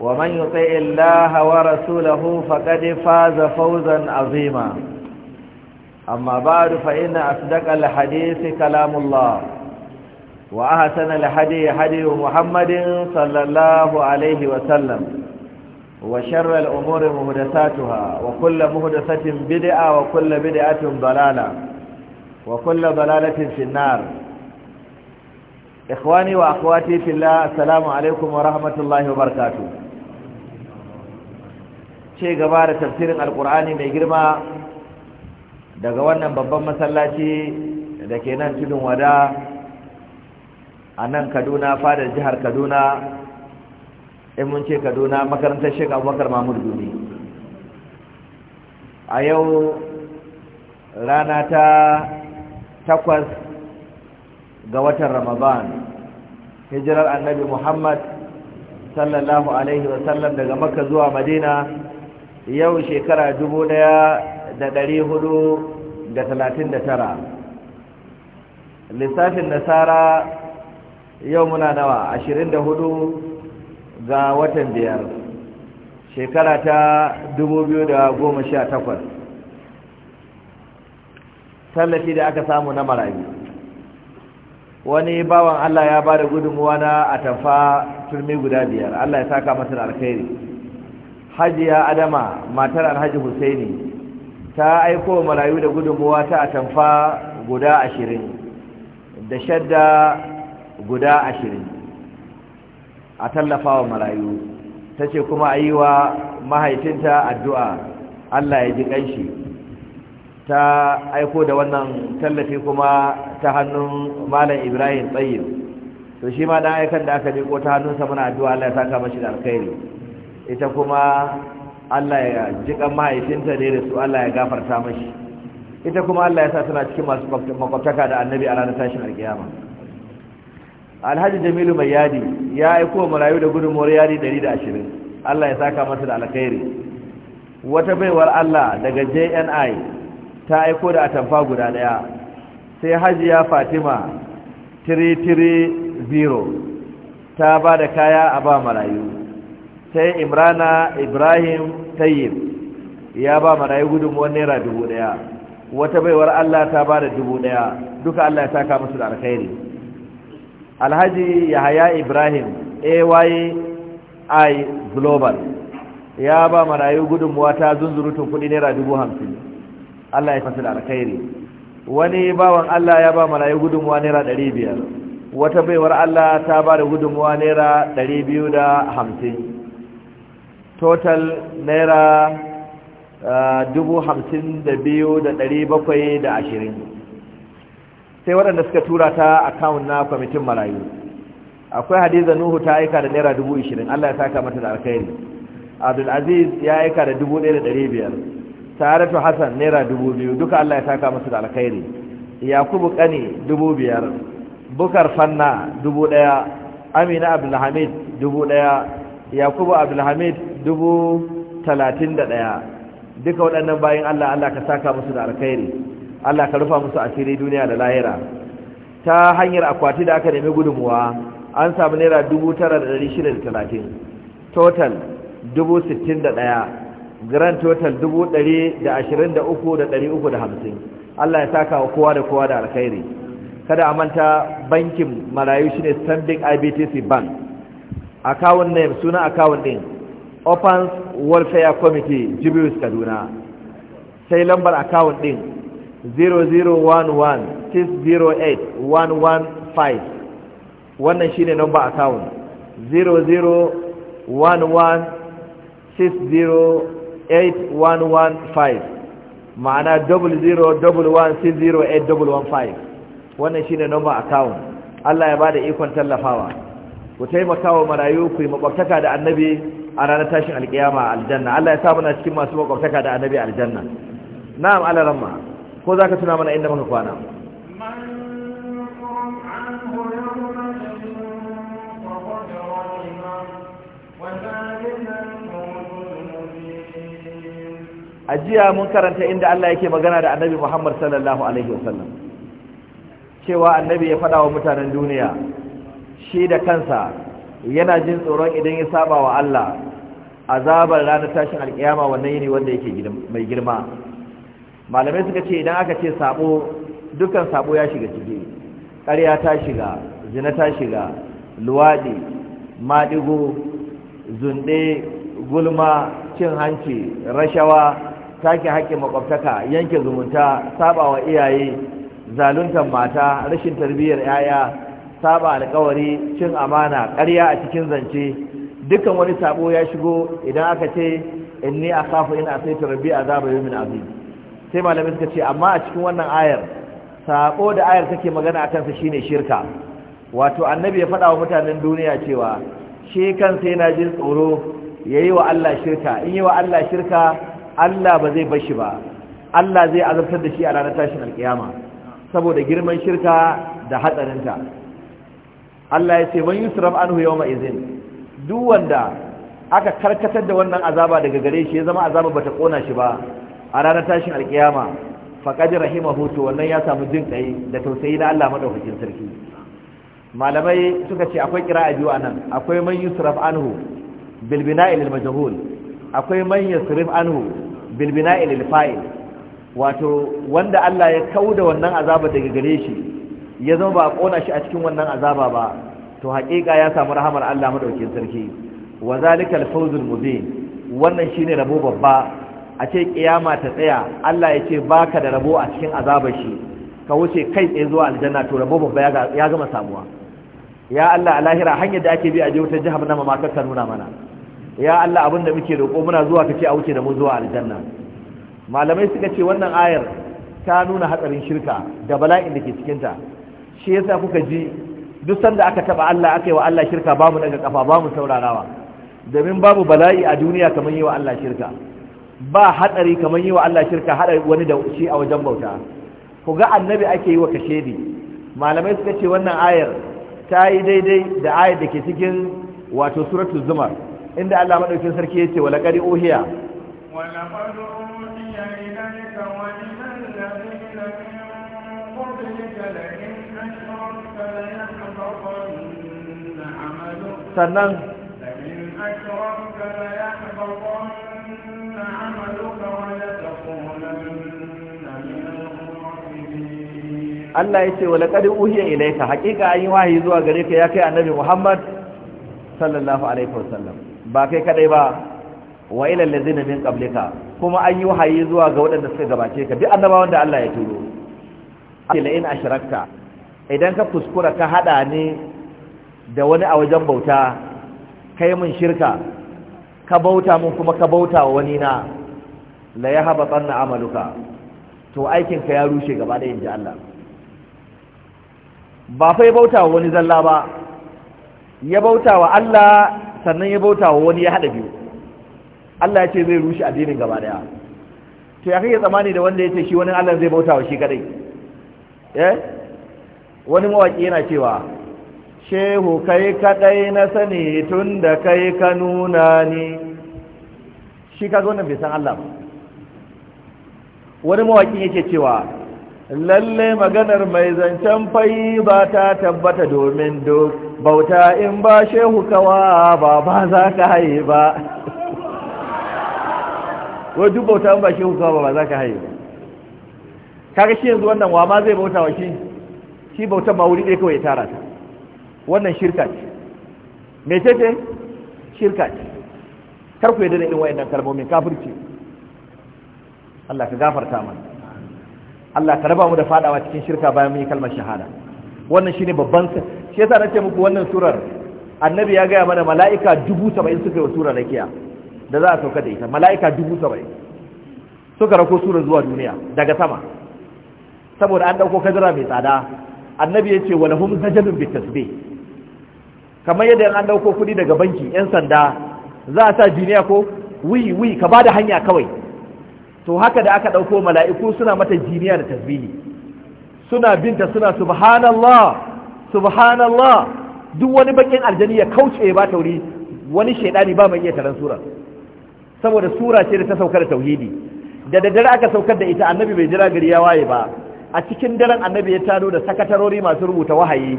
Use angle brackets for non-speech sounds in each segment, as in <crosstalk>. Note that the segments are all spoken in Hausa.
ومن يطع الله ورسوله فقد فاز فوزا عظيما أما بعد فإن أصدق الحديث كلام الله وأحسن الحدي حدي محمد صلى الله عليه وسلم وشر الأمور مهدساتها وكل مهدسة بدعة وكل بدعة ضلالة وكل ضلالة في النار إخواني وأخواتي في الله السلام عليكم ورحمة الله وبركاته ce gaba da tafsirin alkur'ani mai girma daga wannan babban masallaci da ke nan tudun wada a nan kaduna fadar jihar kaduna in mun ce kaduna makarantar shek abubakar mahmud duni a yau rana ta takwas ga watan ramadan hijirar annabi muhammad sallallahu alaihi wasallam daga makka zuwa madina yau shekara dubu ɗaya da dari hudu da talatin da tara lissafin nasara yau muna nawa ashirin da hudu ga watan biyar shekara ta dubu biyu da goma sha takwas tallafi da aka samu na marayu wani bawan Allah ya ba da gudunmuwa na tafa turmi guda biyar Allah ya saka masa alkhairi hajiya adama matar alhaji husaini ta aiko marayu da gudunmuwa ta atamfa guda ashirin da shadda guda ashirin a tallafa wa marayu ta ce kuma a yi wa mahaifinta addu'a Allah ya ji ƙanshi ta aiko da wannan tallafi kuma ta hannun malam ibrahim tsayin to shi ma ɗan aikan da aka ko ta hannunsa muna addu'a Allah ya saka mashi da alkhairi ita kuma Allah ya jiƙa mahaifinta ne da su Allah ya gafarta mashi ita kuma Allah ya sa tana cikin masu makwabtaka da annabi a ranar tashin alkiyama alhaji jamilu mai yadi ya aiko marayu da gudunmuwar yadi 120 Allah ya saka masa da alkhairi wata baiwar Allah daga JNI ta aiko da atamfa guda ɗaya, sai hajiya fatima 330 ta ba da kaya a ba marayu sai imrana ibrahim tayyib ya ba gudun wani naira dubu daya wata baiwar allah ta ba da dubu daya duka allah ya saka musu da alkhairi alhaji yahaya ibrahim ayi global ya ba marayu gudunmuwa ta zunzurutun kudi naira dubu hamsin allah ya fasa da alkhairi wani bawan allah ya ba marayu gudunmuwa naira ɗari biyar wata baiwar allah ta ba da gudunmuwa naira ɗari biyu da hamsin total naira uh, dubu hamsin da biyu da ɗari bakwai da ashirin sai waɗanda suka tura ta akawun na kwamitin marayu akwai hadiza nuhu ta aika da naira dubu ishirin allah ya saka mata da alkhairi abdulaziz ya aika da dubu ɗaya da ɗari biyar taratu hassan naira dubu biyu duka allah ya saka masa da alkhairi yakubu kani dubu biyar bukar fanna dubu ɗaya amina abdulhamid dubu ɗaya yakubu abdulhamid dubu talatin da ɗaya duka waɗannan bayan allah allah ka saka musu da alkhairi allah ka rufa musu asiri duniya da lahira ta hanyar akwati da aka nemi gudunmuwa an samu naira dubu tara da ɗari shida da talatin total dubu sittin da ɗaya grand total dubu ɗari da ashirin da uku da ɗari uku da hamsin allah ya saka wa kowa da kowa da alkhairi kada a manta bankin marayu shine standing ibtc bank akawun name suna akawun din offense welfare committee jibius kaduna sai lambar akawun din 0011608115 wannan shine number akawun 0011608115 ma'ana 0011608115 wannan shine number akawun Allah ya bada ikon tallafawa ku taimaka wa marayu ku yi makwabtaka da annabi a ranar tashin alkiyama a aljanna Allah ya sa muna cikin masu makwabtaka da annabi a aljanna na'am alaramma ko za ka tuna mana inda muka kwana a jiya mun karanta inda Allah yake magana da annabi Muhammad sallallahu alaihi wasallam cewa annabi ya faɗa wa mutanen duniya shi da kansa yana jin tsoron idan ya saba wa Allah azabar ranar tashin alkiyama wannan yini wanda yake mai girma malamai suka ce idan aka ce sabo dukkan sabo ya shiga ciki ƙarya ta shiga zina ta shiga luwaɗi maɗigo zunɗe gulma cin hanci rashawa take haƙƙin makwabtaka yanke zumunta sabawa iyaye zaluntar mata rashin tarbiyyar 'ya'ya saba alkawari cin amana ƙarya a cikin zance dukan wani sabo ya shigo idan aka ce inni akhafu in asaytu rabbi azaba yawmin azim sai malamin suka ce amma a cikin wannan ayar sabo da ayar take magana akan sa shine shirka wato annabi ya faɗa wa mutanen duniya cewa shi kansa yana jin tsoro yayi wa Allah shirka in yi wa Allah shirka Allah ba zai bar shi ba Allah zai azabtar da shi a ranar tashin alkiyama saboda girman shirka da hatsarinta Allah ya ce man yusraf anhu yawma izin duk wanda aka karkatar da wannan azaba daga gare shi ya zama azaba bata kona shi ba a ranar tashin alkiyama faqad rahimahu to wannan ya samu jin kai da tausayi na Allah madaukakin sarki malamai suka ce akwai qira'a biyu anan akwai man yusraf anhu bil bina'il majhul akwai man yusraf anhu bil bina'il fa'il wato wanda Allah ya kauda wannan azaba daga gare shi ya zama ba a ƙona shi a cikin wannan azaba ba to haƙiƙa ya samu rahamar Allah madaukin sarki wa zalikal fawzul mubin wannan shine rabo babba a ce kiyama ta tsaya Allah ya ce baka da rabo a cikin azabar shi ka wuce kai tsaye zuwa aljanna to rabo babba ya gama samuwa ya Allah a lahira hanyar da ake bi a je wutar jahannama ma ka nuna mana ya Allah abin da muke roƙo muna zuwa kace a wuce da mu zuwa aljanna malamai suka ce wannan ayar ta nuna hatsarin shirka da bala'in da ke cikinta shi yasa kuka ji duk sanda aka taba Allah aka yi wa Allah shirka babu daga kafa babu saurarawa domin babu bala'i a duniya kamar yi wa Allah shirka ba hadari kamar yi wa Allah shirka hadari wani da shi a wajen bauta ku ga annabi ake yi wa kashedi malamai suka ce wannan ayar ta yi daidai da ayar da ke cikin wato suratul zumar inda Allah madaukakin sarki ya ce wa laqad uhiya sannan Allah ya ce wala kadin uhiya ilaika hakika an yi wahayi zuwa gare ka ya kai annabi Muhammad sallallahu alaihi wasallam ba kai kadai ba wa ila allazina min qablika kuma an yi wahayi zuwa ga waɗanda suka gabace ka duk annabawan da Allah ya turo ila in ashrakta idan ka kuskura ka hada ne da wani a wajen bauta kai mun shirka ka bauta mun kuma ka bauta wa wani na la ya haba tsanna amaluka to aikinka ya rushe gaba da inji Allah ba fai bauta wa wani zalla ba ya bauta wa Allah sannan ya bauta wa wani ya haɗa biyu Allah ya ce zai rushe addinin gaba daya to ya kai tsamani da wanda ya ce shi wani Allah zai bauta wa shi kadai eh wani mawaki yana cewa shehu kai kadai na sani tun da kai ka nuna ni shi ka zo nan bai Allah wani mawakin yake cewa lalle maganar mai zancen fai ba ta tabbata domin duk bauta in ba shehu kawa ba ba za ka haye ba <laughs> wai duk bauta in ba shehu kawa ba ba za ka haye ba kaga shi yanzu wannan wa ma zai bauta wa shi shi bautan ma wuri ɗaya kawai ya tara ta wannan shirka ce me ce ce shirka ce kar ku yadda da irin wayannan kalmomin kafirci Allah ka gafarta mana Allah ka raba mu da fadawa cikin shirka bayan mun yi kalmar shahada wannan shine babban shi yasa nace muku wannan surar annabi ya gaya mana mala'ika 70 suka yi wa surar rakiya da za a sauka da ita mala'ika 70 suka rako surar zuwa duniya daga sama saboda an dauko kadara mai tsada annabi ce yace walahum zajalun bitasbih kamar yadda an dauko kudi daga banki yan sanda za a sa jiniya ko wi wi ka bada hanya kawai to haka da aka dauko mala'iku suna mata jiniya da tasbihi suna binta suna subhanallah subhanallah duk wani bakin aljani ya kauce ba tauri wani shaidani ba mai iya taran sura saboda sura ce da ta saukar da tauhidi da daddare aka saukar da ita annabi bai jira gari ya waye ba a cikin daren annabi ya taro da sakatarori masu rubuta wahayi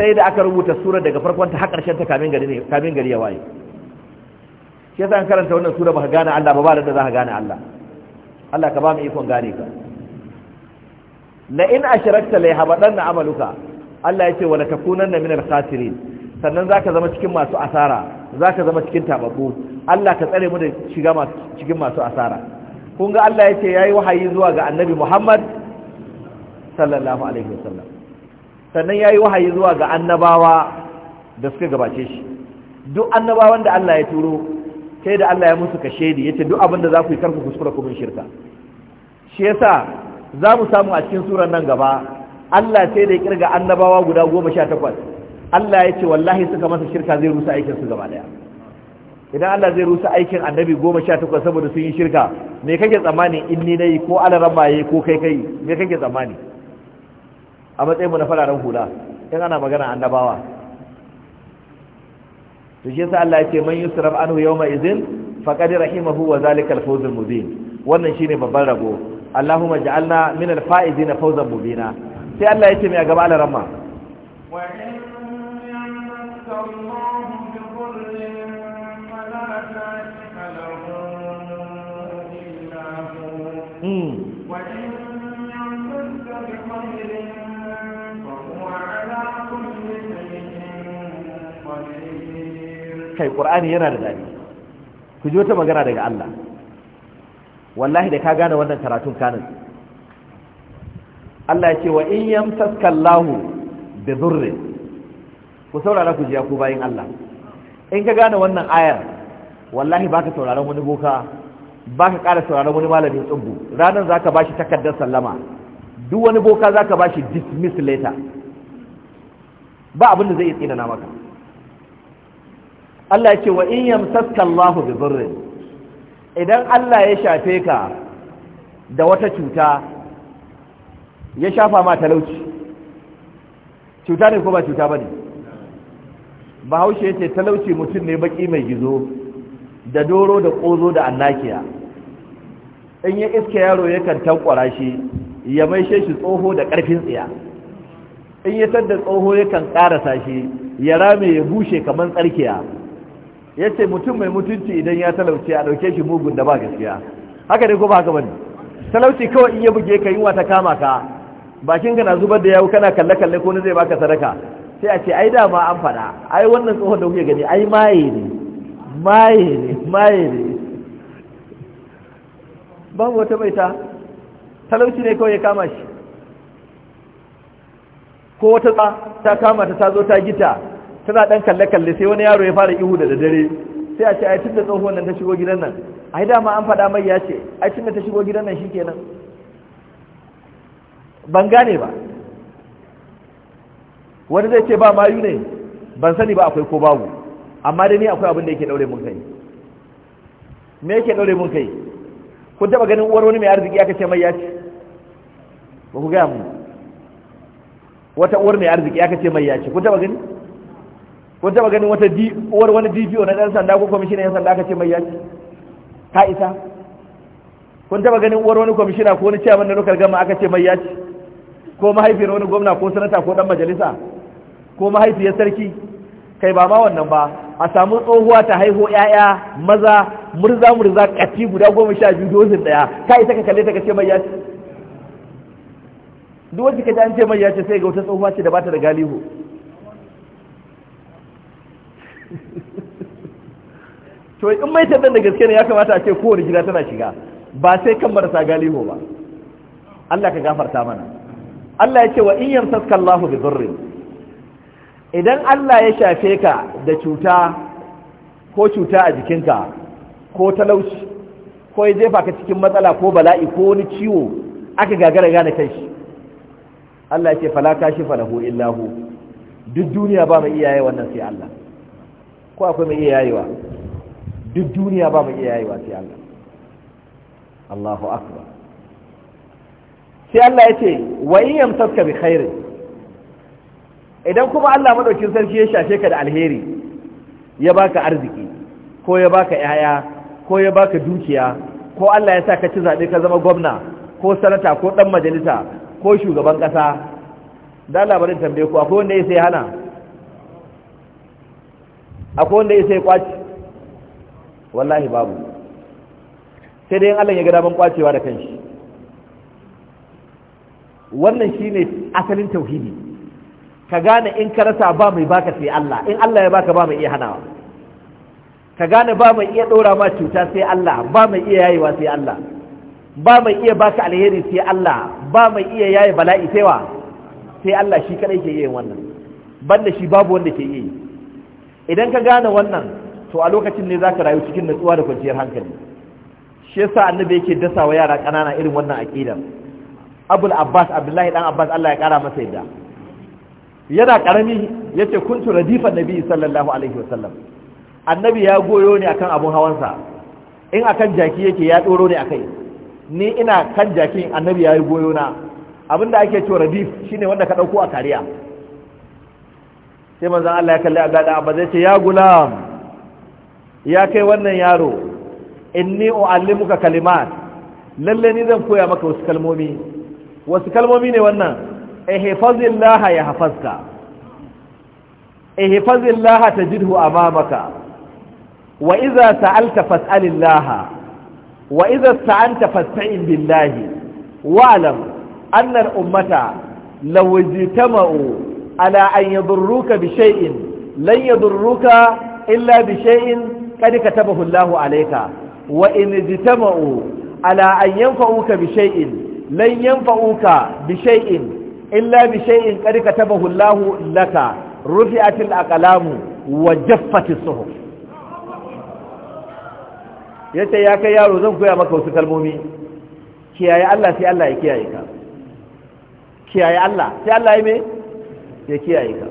sai da aka rubuta surar daga farkon ta har ƙarshen ta kamin gari ne kamin gari ya waye shi yasa an karanta wannan sura ba ka gane Allah ba ba da za ka gane Allah Allah ka ba mu ikon gane ka la in ashrakta la na amaluka Allah yace wala takunanna min al-khasirin sannan zaka zama cikin masu asara zaka zama cikin tababbu Allah ka tsare mu da shiga cikin masu asara kun ga Allah yace yayi wahayi zuwa ga Annabi Muhammad sallallahu alaihi wasallam sannan ya yi wahayi zuwa ga annabawa da suka gabace shi duk annabawan da Allah ya turo sai da Allah ya musu kashedi ya ce duk abinda za ku yi karku kuskura kuma shirka shi yasa za mu samu a cikin suran nan gaba Allah sai da ya kirga annabawa guda goma sha takwas Allah ya ce wallahi suka masa shirka zai rusa aikin su gaba daya idan Allah zai rusa aikin annabi goma sha takwas saboda sun yi shirka me kake tsammani in ni nayi ko alaran maye ko kai kai me kake tsammani a matsayin mu na fararen hula in ana magana annabawa to shi yasa Allah ya ce man yusraf anhu yawma idhin faqad rahimahu wa zalika al-fawz al-mubin wannan shine babban rabo Allahumma ja'alna min al-faizina fawzan mubina sai Allah ya ce mai gaba al-rahma wa kai qur'ani yana da dadi ku ji wata magana daga Allah wallahi da ka gane wannan karatun kanin Allah ya ce wa in yamsaka Allah bi dhurrin ku saurara ku ji ku bayin Allah in ka gane wannan ayar wallahi baka sauraron wani boka baka ƙara sauraron wani malamin tsubbu ranan zaka bashi takaddar sallama duk wani boka zaka bashi dismiss later ba abin da zai iya tsina maka Allah ce wa in yamsaka Allah bi dhurrin idan Allah ya shafe ka da wata cuta ya shafa ma talauci cuta ne ko ba cuta bane bahaushe yace talauci mutum ne baki mai gizo da doro da kozo da annakiya in ya iska yaro ya kan tankwara shi ya maishe shi tsoho da karfin tsiya in ya tadda tsoho ya kan karasa shi ya rame ya bushe kamar tsarkiya ya ce mutum mai mutunci idan ya talauce a ɗauke shi mugun da ba gaskiya haka dai ko ba haka bane talauci kawai in ya buge ka yunwa ta kama ka bakin ka na zubar da yawo kana kalle kalle ko ne zai baka sadaka sai a ce ai dama an fada ai wannan tsohon da kuke gani ai maye ne maye ne maye ne babu wata baita talauci ne kawai ya kama shi ko wata ta kama ta ta zo ta gita tana dan kalle-kalle sai wani yaro ya fara ihu da dare sai a ce ai tun da tsohuwar nan ta shigo gidan nan a yi dama an faɗa mai ya ce ai tun da ta shigo gidan nan shikenan ban gane ba wani zai ce ba mayu ne ban sani ba akwai ko babu amma dai ni akwai abin da yake daure mun kai me yake daure mun kai ku taba ganin uwar wani mai arziki aka ce mai ya ce ba ku gaya mu wata uwar mai arziki aka ce mai ya ce ku taba ganin ko taba ganin wata uwar wani DPO na ɗan sanda ko kwamishinan yan sanda aka ce mai yaki ka isa kun taba ganin uwar wani kwamishina ko wani ciyaman na lokal gama aka ce mai yaki ko mahaifiyar wani gwamna ko sanata ko dan majalisa ko mahaifiyar sarki kai ba ma wannan ba a samu tsohuwa ta haihu ƴaƴa maza murza murza kati guda goma sha biyu dozin ɗaya ka isa ka kalle ta ka ce mai yaki duk wanda ka ji an ce mai yaci sai ga wata tsohuwa ce da bata da galihu to in mai tabbatar da gaske ne ya kamata a ce kowane gida tana shiga ba sai kan marasa galiho ba Allah ka gafarta mana Allah ya ce wa in yamsaska Allahu bi zurri idan Allah ya shafe ka da cuta ko cuta a jikinka ko talauci ko ya jefa ka cikin matsala ko bala'i ko wani ciwo aka gagara gane kai shi Allah ya ce fala kashi falahu illahu duk duniya ba mai iyaye wannan sai Allah ko akwai mai iya yayewa duk duniya ba mai iya yayewa sai Allah Allahu akbar sai Allah ya ce wa in yamtaka bi khairi idan kuma Allah madaukin sarki ya shafe ka da alheri ya baka arziki ko ya baka yaya ko ya baka dukiya ko Allah ya sa ka ci zabe ka zama gwamna ko sanata ko dan majalisa ko shugaban kasa da labarin tambaye ku akwai wanda ya sai hana akwai wanda ya sai kwaci wallahi babu sai dai Allah ya ga daban kwacewa da kanshi wannan shine asalin tauhidi ka gane in ka rasa ba mai baka sai Allah in Allah ya baka ba mai iya hanawa ka gane ba mai iya ɗora ma cuta sai Allah ba mai iya yayewa sai Allah ba mai iya baka alheri sai Allah ba mai iya yaye bala'i sai wa sai Allah shi kadai ke yin wannan banda shi babu wanda ke yi idan ka gane wannan to a lokacin ne za ka rayu cikin natsuwa da kwanciyar hankali shi yasa annabi yake dasa wa yara ƙanana irin wannan aqidar abul abbas abdullahi dan abbas Allah ya kara masa yadda yana karami yace kuntu radifan nabi sallallahu alaihi wasallam annabi ya goyo ne akan abun hawansa in akan jaki yake ya doro ne akai ni ina kan jakin annabi ya yi goyo na abinda ake cewa radif shine wanda ka ɗauko a kariya sai manzan Allah ya kalli abdada abba zai ce ya gulam ya kai wannan yaro inni u'allimuka kalimat lalle ni zan koya maka wasu kalmomi wasu kalmomi ne wannan Laha ya ta jidhu a amamaka wa idza sa'alta fas'alillaha wa idza sta'anta fasta'in billahi wa'lam anna ummata law ala an yadurruka bi shay'in lan yadurruka illa bi shay'in qad katabahu Allahu wa in jitama'u ala an yanfa'uka bi shay'in lan yanfa'uka bi illa bi shay'in qad katabahu yace ya kai yaro zan koya maka wasu kalmomi kiyaye Allah sai Allah ya kiyaye ka kiyaye Allah sai Allah ya mai. ya kiyaye ka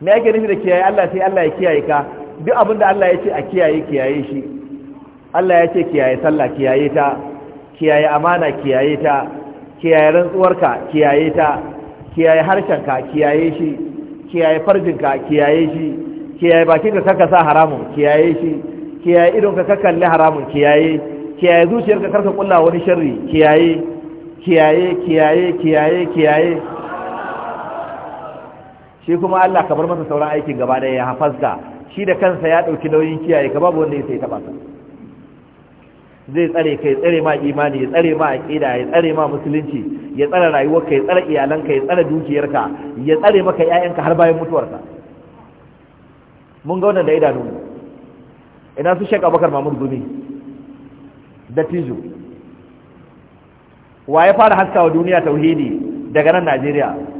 me ake nufi da kiyaye Allah sai Allah ya kiyaye ka duk abin da Allah ya ce a kiyaye kiyaye shi Allah ya ce kiyaye sallah kiyaye ta kiyaye amana kiyaye ta kiyaye rantsuwarka kiyaye ta kiyaye harshenka kiyaye shi kiyaye farjinka kiyaye shi kiyaye bakinka kaka sa haramun kiyaye shi kiyaye idonka ka kalli haramun kiyaye kiyaye zuciyarka karka kulla wani sharri kiyaye kiyaye kiyaye kiyaye kiyaye shi kuma Allah ka bar masa sauran aikin gaba da ya hafazka shi da kansa ya ɗauki nauyin kiyaye ka babu wanda ya sai taba zai tsare kai tsare ma imani ya tsare ma aqida ya tsare ma musulunci ya tsare ka, ya tsare iyalanka ya tsare dukiyar ka, ya tsare maka ka har bayan ka mun ga wannan da idanu ina su Sheikh Abubakar Mamud Gumi da Tijo wa ya fara haskawa duniya tauhidi daga nan Najeriya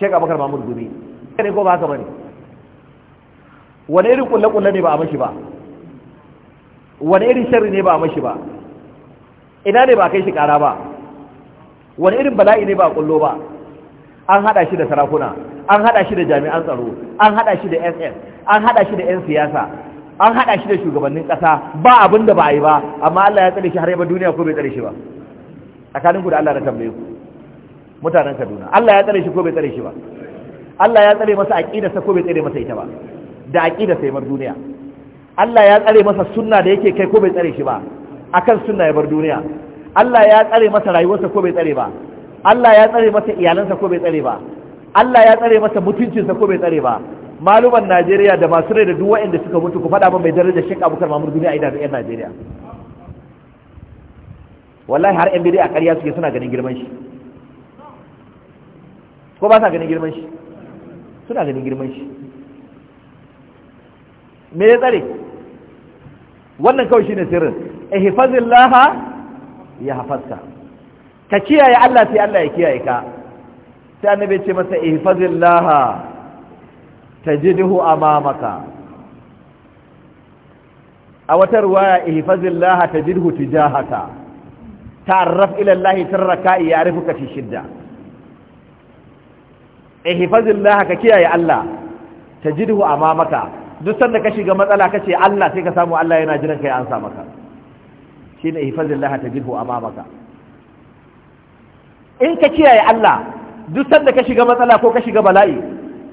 Sheikh Abubakar Mahmud Gumi ne ko ba haka bane wani irin kulle ne ba a mashi ba wani irin sharri ne ba a mashi ba ina ne ba kai shi kara ba wani irin bala'i ne ba a kullo ba an hada shi da sarakuna an hada shi da jami'an tsaro an hada shi da SS an hada shi da 'yan siyasa an hada shi da shugabannin kasa ba abin da ba a yi ba amma Allah ya tsare shi har yaba duniya ko bai tsare shi ba tsakanin ku da Allah na tambaye ku mutanen Kaduna Allah ya tsare shi ko bai tsare shi ba Allah ya tsare masa sa ko bai tsare masa ita ba da aqida sai bar duniya Allah ya tsare masa sunna da yake kai ko bai tsare shi ba akan sunna ya bar duniya Allah ya tsare masa rayuwarsa ko bai tsare ba Allah ya tsare masa iyalansa ko bai tsare ba Allah ya tsare masa mutuncinsa ko bai tsare ba maluman Najeriya da masu rai da duk waɗanda suka mutu ku faɗa ba mai daraja Sheikh Abubakar Mamur duniya a idanun 'yan Najeriya wallahi har 'yan bidai a ƙarya suke suna ganin girman shi ko ba sa ganin girman shi suna ganin girman shi me ya tsare wannan kawai shi ne sirrin ihfazillaha ya hafazka ka kiyaye Allah sai Allah ya kiyaye ka sai annabi ce masa ihfazillaha tajidhu amamaka a wata ruwaya ihfazillaha tajidhu tijahaka ilallahi ila Allah tarraka ya'rifuka fi shidda. ihfazillah ka kiyaye Allah tajidhu amamaka duk sanda ka shiga matsala kace Allah sai ka samu Allah yana jiran kai an sa maka shine ihfazillah tajidhu amamaka in ka kiyaye Allah duk sanda ka shiga matsala ko ka shiga bala'i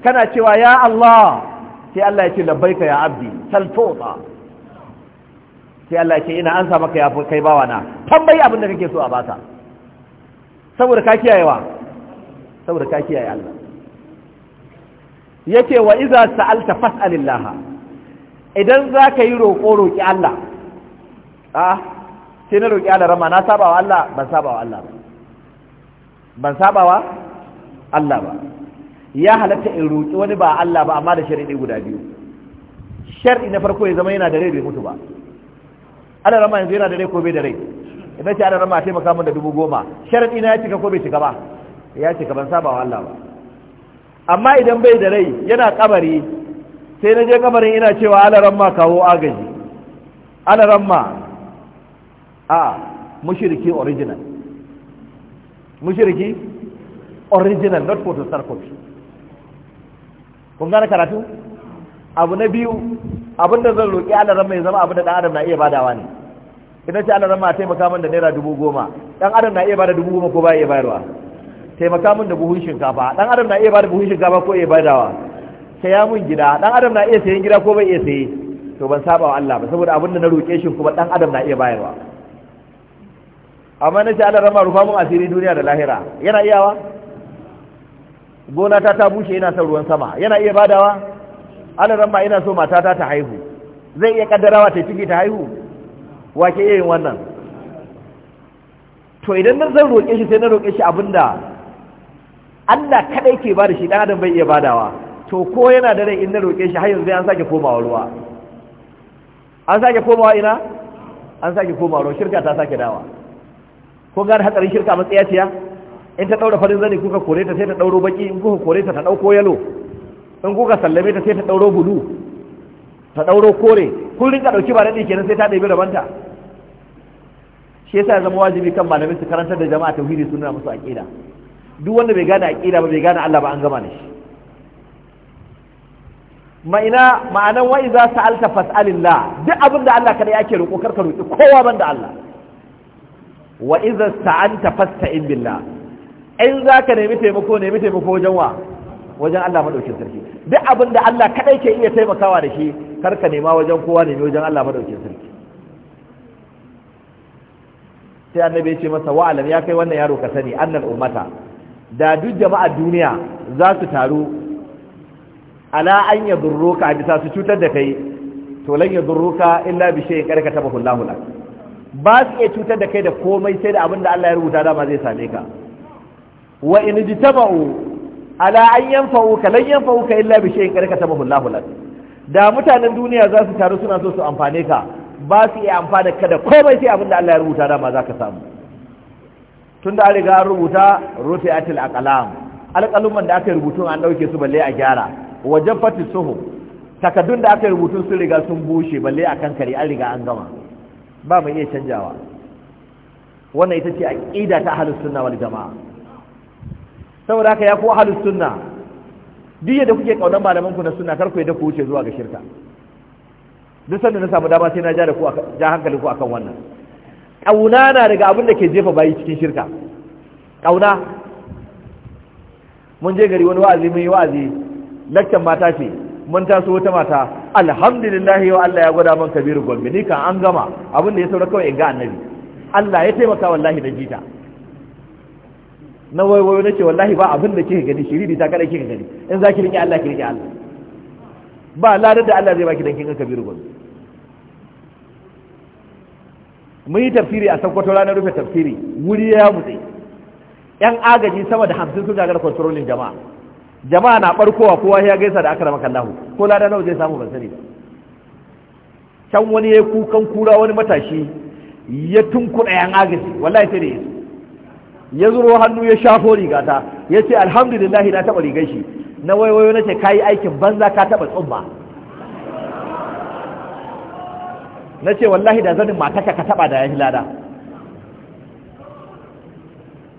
kana cewa ya Allah sai Allah ya ce labbaika ya abdi salfota sai Allah ya ce ina an sa maka ya kai bawa na tambayi abin da kake so a baka saboda ka kiyaye wa saboda ka kiyaye Allah yace wa iza sa'alta fas'alillah idan zaka yi roƙo roƙi Allah a sai na roƙi Allah rama na saba wa Allah ban saba wa Allah ba ban saba wa Allah ba ya halatta in roƙi wani ba Allah ba amma da shari'i guda biyu shari'i na farko ya zama yana da rai bai mutu ba Allah rama yanzu yana da rai ko bai da rai idan ce Allah rama a taimaka min da dubu goma shari'i na ya cika ko bai cika ba ya cika ban saba wa Allah ba amma idan bai da rai yana kabari sai na je kabarin ina cewa alaran ma kawo agaji alaran ma a mushiriki original mushiriki original not for the circle kun gane karatu abu na biyu abinda zan roƙi alaran mai zama abin da ɗan adam na iya badawa ne idan ce alaran ma taimaka min da naira dubu goma ɗan adam na iya bada dubu goma ko ba iya bayarwa taimaka min da buhun shinkafa dan adam na iya bada buhun shinkafa ko iya badawa saya mun gida dan adam na iya sayan gida ko bai iya saye to ban saba wa Allah ba saboda abin da na roke shi kuma dan adam na iya bayarwa amma na ce Allah rama rufa mun asiri duniya da lahira yana iyawa gona ta ta bushe ina son ruwan sama yana iya badawa Allah rama ina so matata ta haihu zai iya kaddarawa ta ciki ta haihu wake iya yin wannan to idan na zan roƙe shi sai na roƙe shi abinda Allah kadai ke bada shi dan adam bai iya badawa to ko yana da rai in na roƙe shi har yanzu an sake komawa ruwa an sake komawa ina an sake komawa ruwa shirka ta sake dawa ko gane hatsarin shirka tiya in ta daura farin zani kuka kore ta sai ta dauro baki in kuka kore ta ta dauko yalo in kuka sallame ta sai ta dauro bulu ta dauro kore kun ka dauki ba dadi kenan sai ta ɗebi rabanta shi yasa zama wajibi kan malamin su karantar da jama'a tauhidi sunna musu aqida duk wanda bai gane aqida ba bai gane Allah ba an gama da shi ma'ana ma'anan za su sa'alta fas'alillah duk abin da Allah kada yake roƙo karka roƙi kowa ban da Allah wa idza sta'anta fasta'in billah in zaka nemi taimako nemi taimako wajen wa wajen Allah madaukin sarki duk abin da Allah kadai ke iya taimakawa da shi karka nema wajen kowa nemi wajen Allah madaukin sarki sai annabi ya ce masa wa'alam ya kai wannan yaro ka sani annal ummata da duk jama'ar duniya za su taru ala an yadurruka a bisa su cutar da kai to lan ka illa bi shay'in karka tabahu hula lak ba su iya cutar da kai da komai sai da abin da Allah ya rubuta dama zai same ka wa in jitaba'u ala an ka lan ka illa bi shay'in karka tabahu hula lak da mutanen duniya za su taru suna so su amfane ka ba su iya amfana ka da komai sai abin da Allah ya rubuta dama za ka samu tun da an riga an rubuta rufe atil akalam alƙaluman da aka rubutun an ɗauke su balle a gyara wajen fati suhu takaddun da aka rubutun sun riga sun bushe balle a kankare an riga an gama ba mai iya canjawa wannan ita ce a ƙida ta ahalus sunna wal jama'a saboda haka ya ku ahalus sunna duk da kuke kaunar malaman ku na sunna kar ku yadda ku wuce zuwa ga shirka duk sanda na samu dama sai na ja da ku ja hankalin ku akan wannan ƙauna na daga abin da ke jefa bayi cikin shirka ƙauna mun je gari wani wa'azi mun yi wa'azi lakcan mata ce mun taso wata mata alhamdulillah wa Allah ya gwada man kabiru gombe ni kan an gama abin da ya saura kawai in ga annabi Allah ya taimaka wallahi da jita na waiwayo na ce wallahi ba abin da kike gani shiriri ta kada kike gani in zaki ki Allah ki riƙe Allah ba ladar da Allah zai baki dan kin ga kabiru gombe mun yi tafsiri a sakwato ranar rufe tafsiri wuri ya mutse yan agaji sama da hamsin sun gagara kwantarolin jama'a jama'a na barkowa kowa ya gaisa da aka rama kallahu ko lada nawa zai samu ban sani ba can wani ya kukan kura wani matashi ya tunkuɗa yan agaji wallahi sai da yi ya zuro hannu ya shafo rigata ya ce alhamdulillahi na taɓa rigar shi na waiwayo na ce kayi aikin banza ka taɓa tsumma na ce wallahi da zanin mataka ka taba da ya lada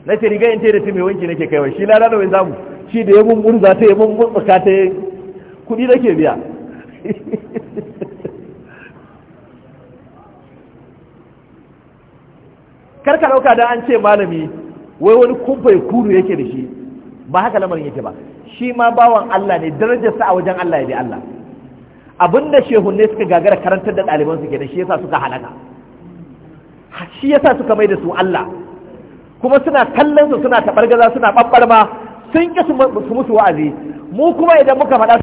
na ce riga te ce da ti mai wanki nake kaiwa shi lada da wai zamu shi da ya mun murza ta ya mun murtsuka ta kudi ke biya <laughs> karka dauka da an ce malami wai wani kumfai kuru yake da shi ba haka lamarin yake ba shi ma bawan Allah ne darajarsa a wajen Allah ya bi Allah da shehunne suka gagara karantar da ɗaliban su kenan shi yasa suka halaka shi yasa suka mai da su Allah kuma suna kallon su suna tabargaza suna ma sun ki su musu wa'azi mu kuma idan muka faɗa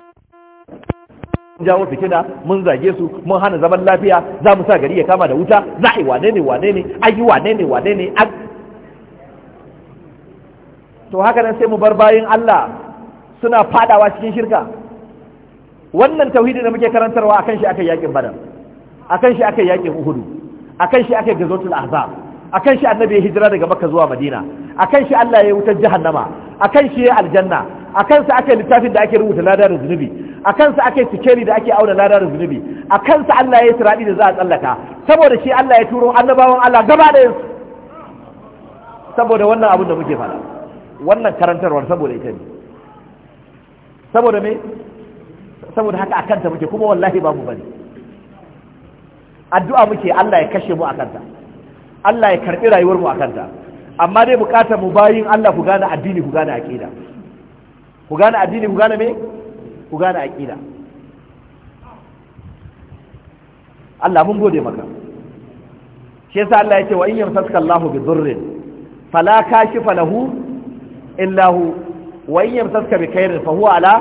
jawo fitina mun zage su mun hana zaman lafiya za mu sa gari ya kama da wuta za a yi wane ne wane ne a yi wane ne wane ne a to haka nan sai mu bar bayan Allah suna fadawa cikin shirka wannan tauhidi da muke karantarwa akan shi aka yakin badar akan shi aka yakin uhudu akan shi aka gazotul ahzab akan shi annabi ya hijira daga makka zuwa madina akan shi Allah ya wutar jahannama akan shi ya aljanna akan sa aka littafin da ake rubuta lada da zunubi akan sa aka sikeli da ake auna lada da zunubi akan sa Allah ya yi tiradi da za a tsallaka saboda shi Allah ya turo annabawan Allah gaba da yansu saboda wannan abin da muke fara wannan karantarwar saboda ita ne saboda me saboda haka a kanta muke kuma wallahi babu bane addu'a muke Allah ya kashe mu a kanta Allah ya karbi rayuwar mu a kanta amma dai bukatar mu bayin Allah ku gane addini ku gane aqida ku gane addini ku gane me ku gane aqida Allah mun gode maka shi yasa Allah ya ce wa in yamsaka Allahu bi dhurrin fala kashifa lahu illa hu wa in yamsaka bi khairin fa huwa ala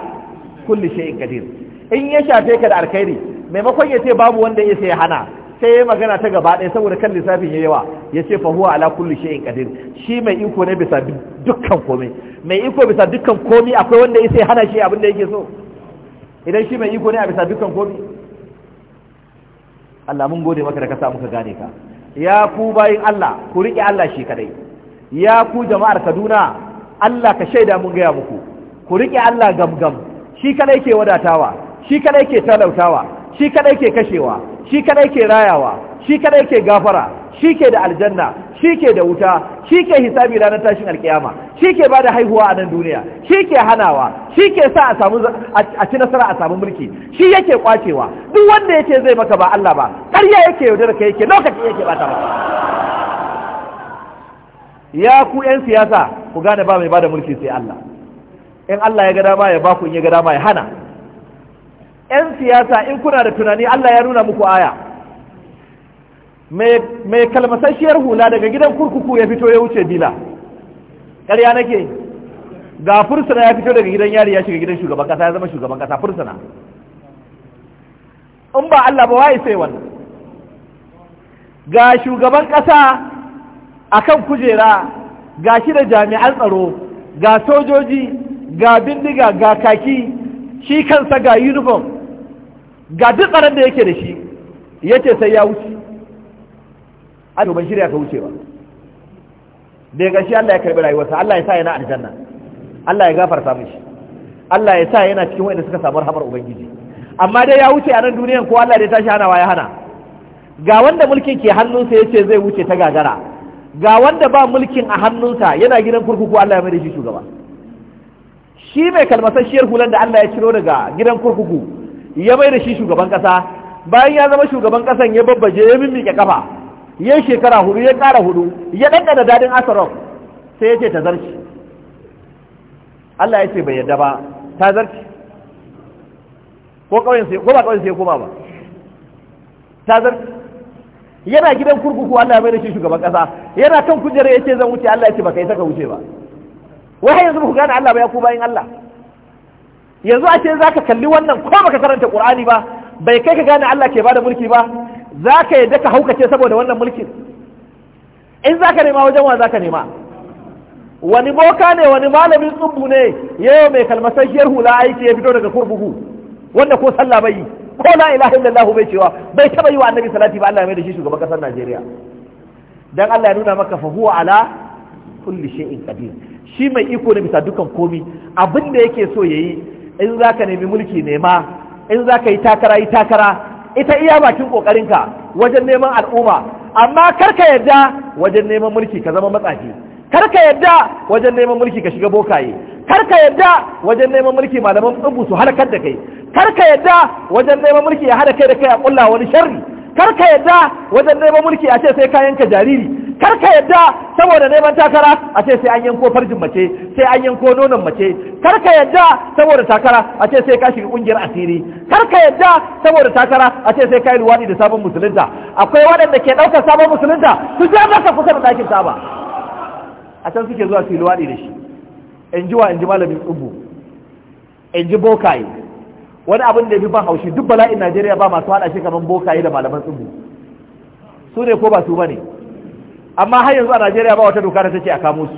kulli shay'in qadir in ya shafe ka da alkhairi maimakon ya ce babu wanda ya sai hana sai ya magana ta gaba ɗaya saboda kan lissafin ya yawa ya ce fa huwa ala kulli shay'in qadir shi mai iko ne bisa dukkan komai mai iko bisa dukkan komai akwai wanda ya sai hana shi abin da yake so idan shi mai iko ne a bisa dukkan komai Allah mun gode maka da ka sa muka gane ka ya ku bayin Allah ku riƙe Allah shi kadai ya ku jama'ar Kaduna Allah ka shaida mun gaya muku ku riƙe Allah gamgam shi kadai ke wadatawa shi kadai ke talautawa shi kadai ke kashewa shi kadai ke rayawa shi kadai ke gafara shi ke da aljanna shi ke da wuta shi ke hisabi ranar tashin alkiyama shi ke ba da haihuwa a nan duniya shi ke hanawa shi ke sa a samu a ci nasara a samu mulki shi yake kwacewa duk wanda yake zai maka ba Allah ba ƙarya yake yaudar ka yake lokaci yake bata maka ya ku yan siyasa ku gane ba mai ba da mulki sai Allah in Allah ya ga dama ya ba ku in ya ga dama ya hana 'yan siyasa in kuna da tunani Allah ya nuna muku aya mai kalmasasshiyar hula daga gidan kurkuku ya fito ya wuce bila ƙarya nake ga fursuna ya fito daga gidan yari ya shiga gidan shugaban kasa ya zama shugaban kasa fursuna in ba Allah ba waye sai wannan ga shugaban kasa akan kujera ga shi da jami'an tsaro ga sojoji ga bindiga ga kaki shi kansa ga uniform ga duk tsaron da yake da shi ya ce sai ya wuce a ban shirya ka wuce ba Da ya shi Allah ya karbi rayuwarsa Allah ya sa yana aljanna Allah ya gafarta mishi Allah ya sa yana cikin wanda suka samu rahamar ubangiji amma dai ya wuce a nan duniyan ko Allah dai tashi hanawa ya hana ga wanda mulkin ke hannunsa ya ce zai wuce ta gagara ga wanda ba mulkin a hannunsa yana gidan kurkuku Allah ya mai da shi shugaba shi mai kalmasasshiyar hulan da Allah ya ciro daga gidan kurkuku ya bai da shi shugaban kasa bayan ya zama shugaban kasan ya babbaje ya mimmike kafa ya shekara hudu ya kara hudu ya ɗanɗana dadin asarof sai ya ce ta zarci Allah ya ce bai yadda ba ta zarci ko kawai sai ko ba ƙauyen sai koma ba ta zarci yana gidan kurkuku Allah ya bai da shi shugaban kasa yana kan kujera ya ce zan wuce Allah ya ce ba kai saka wuce ba wai yanzu ku gane Allah ba ya ku bayin Allah yanzu a ce zaka kalli wannan ko baka karanta qur'ani ba bai kai ka gane Allah ke bada mulki ba zaka yadda ka haukace saboda wannan mulkin in zaka nema wajen wa zaka nema wani boka ne wani malamin tsubbu ne yau mai kalmasar kalmasashiyar hula aiki ya fito daga kurbuhu wanda ko sallah bai yi ko la ilaha illallah bai cewa bai taba yi wa annabi salati ba Allah mai da shi shugaban kasar Najeriya dan Allah ya nuna maka fa huwa ala kulli shay'in qadir shi mai iko ne bisa dukan komi abin da yake so ya yi. in za ka nemi mulki nema in za ka yi takara yi takara ita iya bakin ƙoƙarinka wajen neman al'umma amma kar ka yadda wajen neman mulki ka zama matsafi kar ka yadda wajen neman mulki ka shiga bokaye kar ka yadda wajen neman mulki malaman tsubu su halakar da kai kar ka yadda wajen neman mulki ya hada kai da kai a ƙulla wani sharri kar ka yadda wajen neman mulki a ce sai kayan ka jariri kar ka yadda saboda neman takara a ce sai an yanko farjin mace sai an yanko nonon mace karka ka yadda saboda takara a ce sai ka shiga kungiyar asiri karka ka yadda saboda takara a ce sai ka yi luwadi da sabon musulunta akwai waɗanda ke ɗaukar sabon musulunta su je maka kusa da ɗakin saba a can suke zuwa su yi da shi in ji wa in ji malamin tsubu in ji bokaye wani abin da ya fi ban haushi duk bala'in najeriya ba masu haɗa shi kamar bokaye da malaman tsubu su ne ko ba su ba ne amma har yanzu a Najeriya ba wata doka da take a kamo su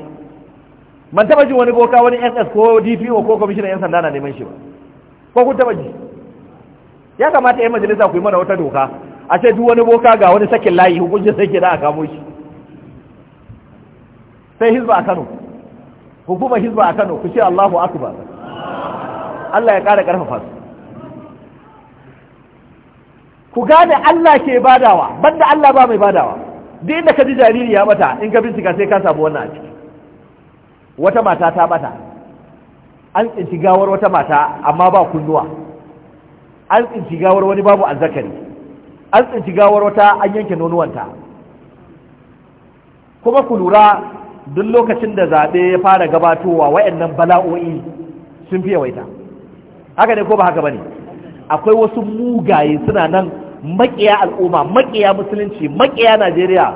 man taba jin wani boka wani SS ko DPO ko commissioner yan sanda na neman shi ba ko kun taba ji ya kamata yan majalisa ku yi mana wata doka a ce duk wani boka ga wani sakin layi hukuncin sai ke da a kamo shi sai hizba a Kano hukumar hizba a Kano ku ce Allahu akbar Allah ya ƙara karfafa su ku gane Allah ke badawa banda Allah ba mai badawa duk inda ka ji jariri ya bata in ka bincika sai ka samu wannan a ciki wata mata ta bata an tsinci gawar wata mata amma ba kunnuwa an tsinci gawar wani babu azzakari an tsinci gawar wata an yanke nonuwanta kuma ku lura duk lokacin da zaɓe ya fara gabatowa wayannan bala'o'i sun fi yawaita haka ne ko ba haka ba ne akwai wasu mugaye suna nan makiya al'umma makiya musulunci makiya najeriya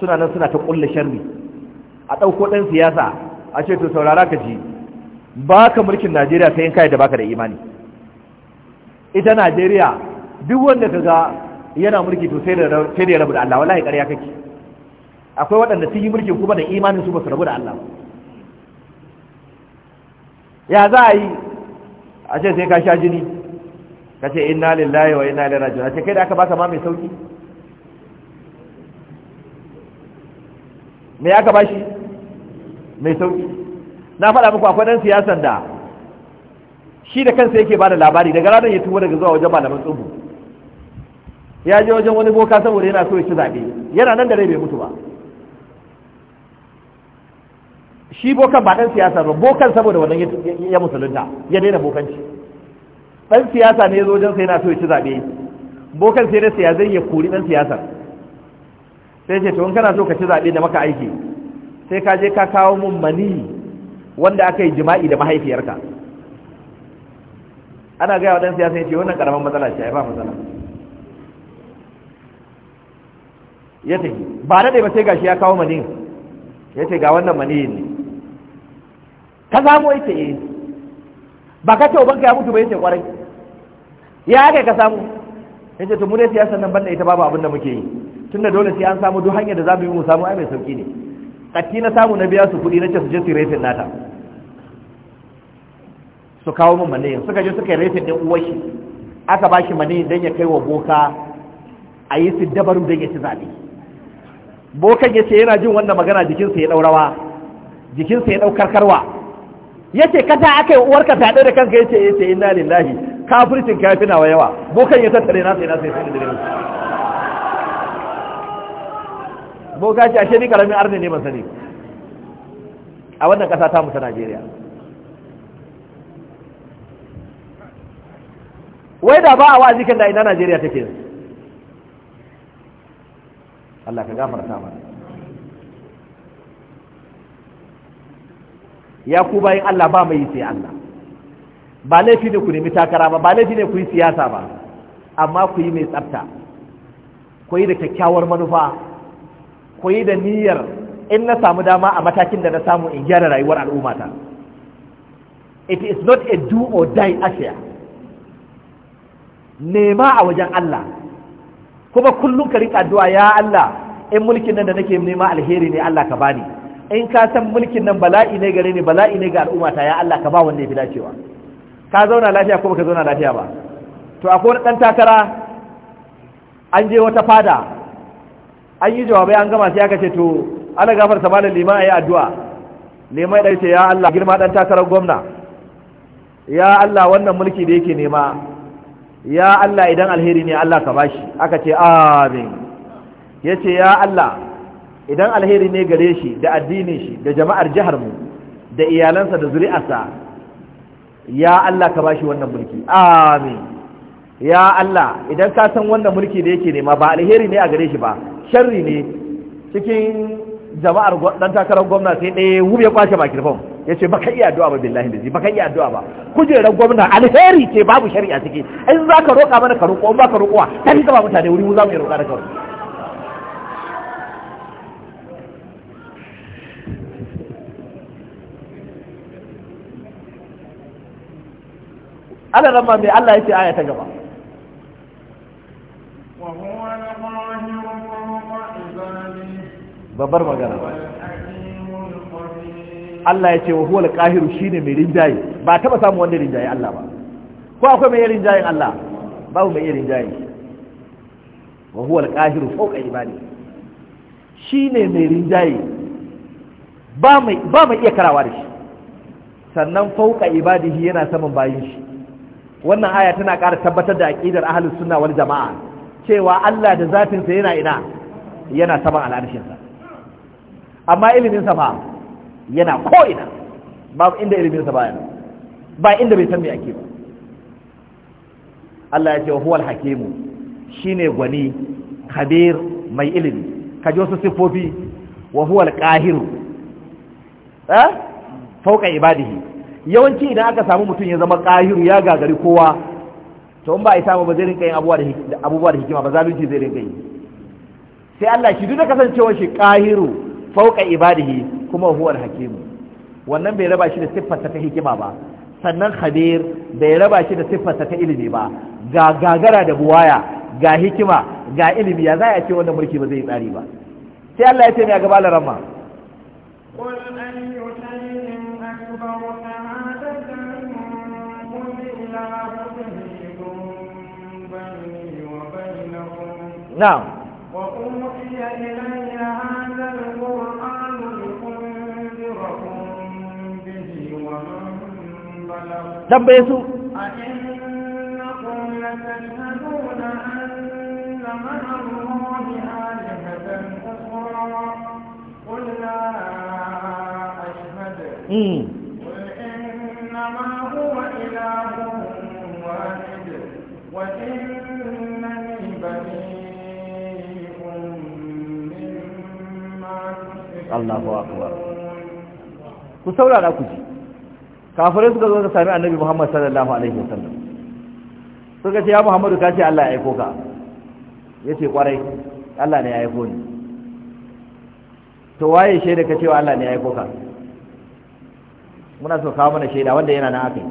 suna nan suna ta ƙulla sharri a ɗauko ɗan siyasa a ce to saurara ka ji ba ka mulkin najeriya sai in kai da baka da imani ita najeriya duk wanda ka ga yana mulki to sai da ya rabu da allah wallahi ƙarya kake akwai waɗanda sun yi mulkin kuma da imanin su ba su rabu da allah ya za a yi a ce sai ka sha jini kace inna lillahi wa inna ilaihi raji'un kace kai da aka baka ma mai sauki me aka bashi mai sauki na faɗa muku akwai dan siyasan da shi da kansa yake bada labari daga ranar ya tuwo daga zuwa wajen malaman tsubu ya je wajen wani boka saboda yana so ya ci zaɓe yana nan da rai bai mutu ba shi bokan ba ɗan siyasa ba bokan saboda wannan ya musulunta ya daina bokanci dan siyasa ne zo wajen sai yana so ya ci zaɓe bokan sai da siya zai ya kori dan siyasa sai ce to in kana so ka ci zaɓe da maka aiki sai ka je ka kawo mun mani wanda aka yi jima'i da mahaifiyarka ana gaya wa dan siyasa ya ce wannan karamin matsala ce ai ba matsala ya ce ba na ba sai gashi ya kawo mani ya ce ga wannan mani ne ka samu ya ce eh. ba ka ce ubanka ya mutu ba ya ce kwarai ya ake ka samu in ce mu dai siyasar nan banda ita babu abinda muke yi tunda dole sai an samu duk hanyar da za mu yi mu samu ai mai sauki ne tsaki na samu na biya su kuɗi na ce su je su retin nata su kawo min maniyin suka je suka yi retin ɗin uwar shi aka ba shi maniyin don ya kai wa boka a yi su dabaru don ya ci zaɓe bokan ya ce yana jin wannan magana jikinsa ya ɗaurawa jikinsa ya ɗaukar karwa ya ce kata aka yi uwarka ta da kanka ya ce ya ce inna lillahi kafircin ka yafi nawa yawa bokan ya tattare na sai na sai sai da boka ce ashe ni karamin arne ne ban sani a wannan kasa ta musa Najeriya wai da ba a wa'azi kan da ina Najeriya take yanzu Allah ka gafarta mana ya ku bayin Allah ba mai sai Allah ba laifi ne ku nemi takara ba ba laifi ne ku yi siyasa ba amma ku yi mai tsafta ku yi da kyakkyawar manufa ku yi da niyyar in na samu dama a matakin da na samu in gyara rayuwar al'ummata it is not a do or die affair nema a wajen Allah kuma kullum ka rika addu'a ya Allah in mulkin nan da nake nema alheri ne Allah ka bani in ka san mulkin nan bala'i ne gare ni bala'i ne ga al'ummata ya Allah ka ba wanda ya fi dacewa ka zauna lafiya ko baka zauna lafiya ba to akwai wani dan takara an je wata fada an yi jawabai an gama sai aka ce to ana ta malam liman ayi addu'a liman ya ce ya Allah girma dan takarar gwamna ya Allah wannan mulki da yake nema ya Allah idan alheri ne Allah ka bashi aka ce amin yace ya Allah idan alheri ne gare shi da addinin shi da jama'ar jihar mu da iyalansa da zuri'arsa ya Allah ka bashi wannan mulki amin ya Allah idan ka san wannan mulki da yake nema ba alheri ne a gare shi ba sharri ne cikin jama'ar dan takarar gwamna sai ɗaya wube kwace bakin fam ya ce baka iya addu'a ba billahi da baka iya addu'a ba kujerar gwamna alheri ce babu shari'a ciki in za ka roƙa mana ka roƙo in ba ka roƙowa ta ka ba mutane wuri mu za mu yi roƙa da kawai ana rama mai Allah ya ce aya ta gaba babbar magana Allah ya ce wa huwal qahiru shine mai rinjaye ba taba samu wanda rinjaye Allah ba ko akwai mai rinjaye Allah babu mai rinjaye wa huwal qahiru fawqa ibadi shine mai rinjaye ba mai ba mai iya karawa da shi sannan fawqa ibadihi yana saman bayin shi wannan aya tana ƙara tabbatar da aqidar ahalin sunna wani jama'a cewa Allah da zafinsa yana ina yana saman al'arshin amma iliminsa sa ba yana ko ina babu inda iliminsa sa ba inda bai san me ake ba Allah ya ce huwa al-hakimu shine gwani khabir mai ilimi kaje wasu sifofi wa huwa al-qahiru eh? fauka ibadihi yawanci idan aka samu mutum ya zama ƙahiru ya gagari kowa to in ba a yi ba zai rinka yin abubuwa da hikima ba za zai rinka yi sai Allah shi duk da kasancewar shi ƙahiru fauka ibadihi kuma huwar hakimu wannan bai raba shi da siffarsa ta hikima ba sannan khabir bai raba shi da siffarsa ta ilimi ba ga gagara da buwaya ga hikima ga ilimi ya za a ce wannan mulki ba zai tsari ba sai Allah ya ce ne a gaba larama نعم وأوحي إلي هذا القرآن لأنذركم به ومن بلغ تبيسوا أئنكم لتشهدون أن مع الله آلهة أخرى قل لا أشهد قل إنما هو إله واحد وإن Allahu akbar ku saurara ku ji kafirai suka zo suka sami annabi Muhammad sallallahu alaihi wasallam suka ce ya Muhammadu ka ce Allah ya aiko ka yace kwarai Allah ne ya aiko ni to waye shaida ka cewa Allah ne ya aiko ka muna so kawo mana shaida wanda yana na akai